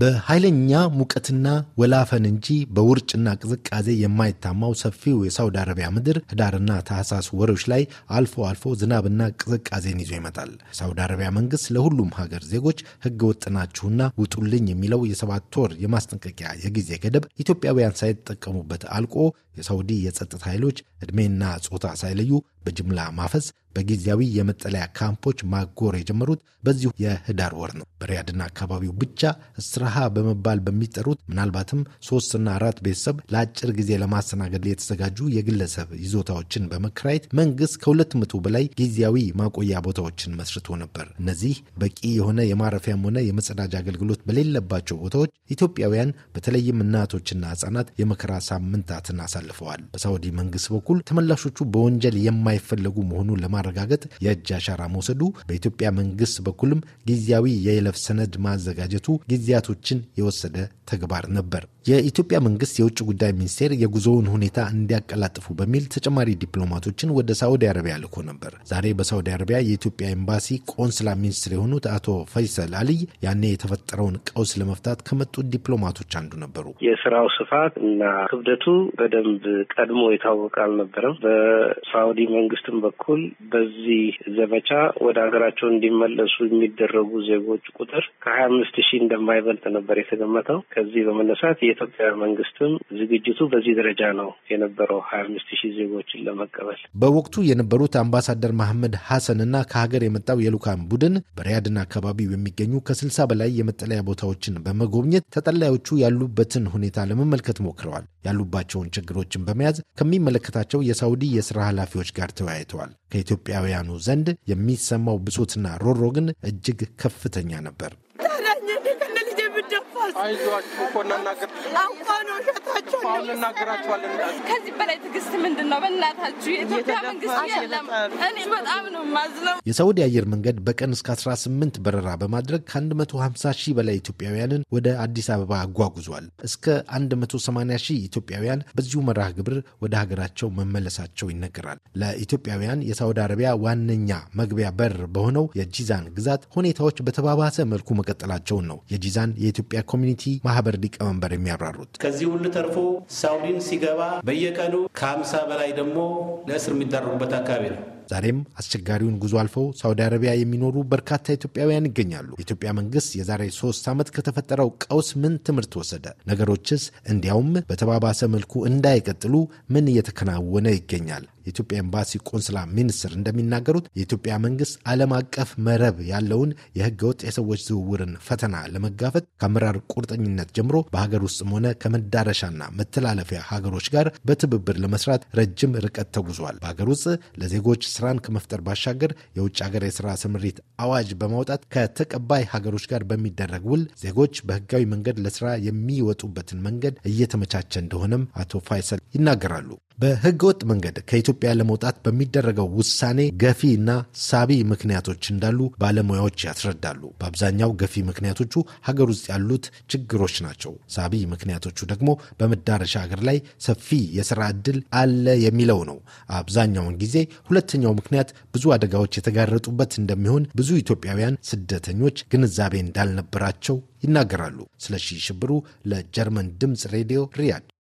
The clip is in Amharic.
በኃይለኛ ሙቀትና ወላፈን እንጂ በውርጭና ቅዝቃዜ የማይታማው ሰፊው የሳውዲ አረቢያ ምድር ህዳርና ታህሳስ ወሮች ላይ አልፎ አልፎ ዝናብና ቅዝቃዜን ይዞ ይመጣል። የሳውዲ አረቢያ መንግስት ለሁሉም ሀገር ዜጎች ህገ ወጥ ናችሁና ውጡልኝ የሚለው የሰባት ወር የማስጠንቀቂያ የጊዜ ገደብ ኢትዮጵያውያን ሳይጠቀሙበት አልቆ የሳውዲ የጸጥታ ኃይሎች እድሜና ጾታ ሳይለዩ በጅምላ ማፈስ በጊዜያዊ የመጠለያ ካምፖች ማጎር የጀመሩት በዚሁ የህዳር ወር ነው። በሪያድና አካባቢው ብቻ እስራሃ በመባል በሚጠሩት ምናልባትም ሶስትና አራት ቤተሰብ ለአጭር ጊዜ ለማስተናገድ የተዘጋጁ የግለሰብ ይዞታዎችን በመከራየት መንግስት ከሁለት መቶ በላይ ጊዜያዊ ማቆያ ቦታዎችን መስርቶ ነበር። እነዚህ በቂ የሆነ የማረፊያም ሆነ የመጸዳጃ አገልግሎት በሌለባቸው ቦታዎች ኢትዮጵያውያን በተለይም እናቶችና ህጻናት የመከራ ሳምንታትን አሳልፈዋል። በሳውዲ መንግስት በኩል ተመላሾቹ በወንጀል የማይፈለጉ መሆኑን ለማ ለማረጋገጥ የእጅ አሻራ መውሰዱ፣ በኢትዮጵያ መንግስት በኩልም ጊዜያዊ የይለፍ ሰነድ ማዘጋጀቱ ጊዜያቶችን የወሰደ ተግባር ነበር። የኢትዮጵያ መንግስት የውጭ ጉዳይ ሚኒስቴር የጉዞውን ሁኔታ እንዲያቀላጥፉ በሚል ተጨማሪ ዲፕሎማቶችን ወደ ሳዑዲ አረቢያ ልኮ ነበር። ዛሬ በሳዑዲ አረቢያ የኢትዮጵያ ኤምባሲ ቆንስላ ሚኒስትር የሆኑት አቶ ፈይሰል አልይ ያኔ የተፈጠረውን ቀውስ ለመፍታት ከመጡ ዲፕሎማቶች አንዱ ነበሩ። የስራው ስፋት እና ክብደቱ በደንብ ቀድሞ የታወቀ አልነበረም። በሳዑዲ መንግስትም በኩል በዚህ ዘመቻ ወደ ሀገራቸው እንዲመለሱ የሚደረጉ ዜጎች ቁጥር ከሀያ አምስት ሺህ እንደማይበልጥ ነበር የተገመተው። ከዚህ በመነሳት የኢትዮጵያ መንግስትም ዝግጅቱ በዚህ ደረጃ ነው የነበረው ሀያ አምስት ሺህ ዜጎችን ለመቀበል። በወቅቱ የነበሩት አምባሳደር መሐመድ ሀሰን እና ከሀገር የመጣው የልኡካን ቡድን በሪያድና አካባቢው የሚገኙ ከስልሳ በላይ የመጠለያ ቦታዎችን በመጎብኘት ተጠላዮቹ ያሉበትን ሁኔታ ለመመልከት ሞክረዋል። ያሉባቸውን ችግሮችን በመያዝ ከሚመለከታቸው የሳውዲ የስራ ኃላፊዎች ጋር ተወያይተዋል። ከኢትዮ ኢትዮጵያውያኑ ዘንድ የሚሰማው ብሶትና ሮሮ ግን እጅግ ከፍተኛ ነበር። አይዟችሁ እኮ እናናገር ከዚህ በላይ ትዕግስት ምንድን ነው? በእናታችሁ የኢትዮጵያ መንግስት የለም። እኔ በጣም ነው የማዝነው። አየር መንገድ በቀን እስከ 18 በረራ በማድረግ ከ150 ሺህ በላይ ኢትዮጵያውያንን ወደ አዲስ አበባ አጓጉዟል። እስከ 180 ሺህ ኢትዮጵያውያን በዚሁ መርሃ ግብር ወደ ሀገራቸው መመለሳቸው ይነገራል። ለኢትዮጵያውያን የሳዑዲ አረቢያ ዋነኛ መግቢያ በር በሆነው የጂዛን ግዛት ሁኔታዎች በተባባሰ መልኩ መቀጠላቸውን ነው የጂዛን የኢትዮጵያ ኮሚ ኮሚኒቲ ማህበር ሊቀመንበር የሚያብራሩት ከዚህ ሁሉ ተርፎ ሳውዲን ሲገባ በየቀኑ ከሀምሳ በላይ ደግሞ ለእስር የሚዳረጉበት አካባቢ ነው። ዛሬም አስቸጋሪውን ጉዞ አልፈው ሳውዲ አረቢያ የሚኖሩ በርካታ ኢትዮጵያውያን ይገኛሉ። የኢትዮጵያ መንግስት የዛሬ ሶስት ዓመት ከተፈጠረው ቀውስ ምን ትምህርት ወሰደ? ነገሮችስ እንዲያውም በተባባሰ መልኩ እንዳይቀጥሉ ምን እየተከናወነ ይገኛል? የኢትዮጵያ ኤምባሲ ቆንስላ ሚኒስትር እንደሚናገሩት የኢትዮጵያ መንግስት ዓለም አቀፍ መረብ ያለውን የህገወጥ የሰዎች ዝውውርን ፈተና ለመጋፈጥ ከአመራር ቁርጠኝነት ጀምሮ በሀገር ውስጥም ሆነ ከመዳረሻና መተላለፊያ ሀገሮች ጋር በትብብር ለመስራት ረጅም ርቀት ተጉዟል። በሀገር ውስጥ ለዜጎች ስራን ከመፍጠር ባሻገር የውጭ ሀገር የስራ ስምሪት አዋጅ በማውጣት ከተቀባይ ሀገሮች ጋር በሚደረግ ውል ዜጎች በህጋዊ መንገድ ለስራ የሚወጡበትን መንገድ እየተመቻቸ እንደሆነም አቶ ፋይሰል ይናገራሉ። በህገወጥ መንገድ ከኢትዮጵያ ለመውጣት በሚደረገው ውሳኔ ገፊ እና ሳቢ ምክንያቶች እንዳሉ ባለሙያዎች ያስረዳሉ። በአብዛኛው ገፊ ምክንያቶቹ ሀገር ውስጥ ያሉት ችግሮች ናቸው። ሳቢ ምክንያቶቹ ደግሞ በመዳረሻ ሀገር ላይ ሰፊ የስራ እድል አለ የሚለው ነው። አብዛኛውን ጊዜ ሁለተኛው ምክንያት ብዙ አደጋዎች የተጋረጡበት እንደሚሆን ብዙ ኢትዮጵያውያን ስደተኞች ግንዛቤ እንዳልነበራቸው ይናገራሉ። ስለሺ ሽብሩ ለጀርመን ድምፅ ሬዲዮ ሪያድ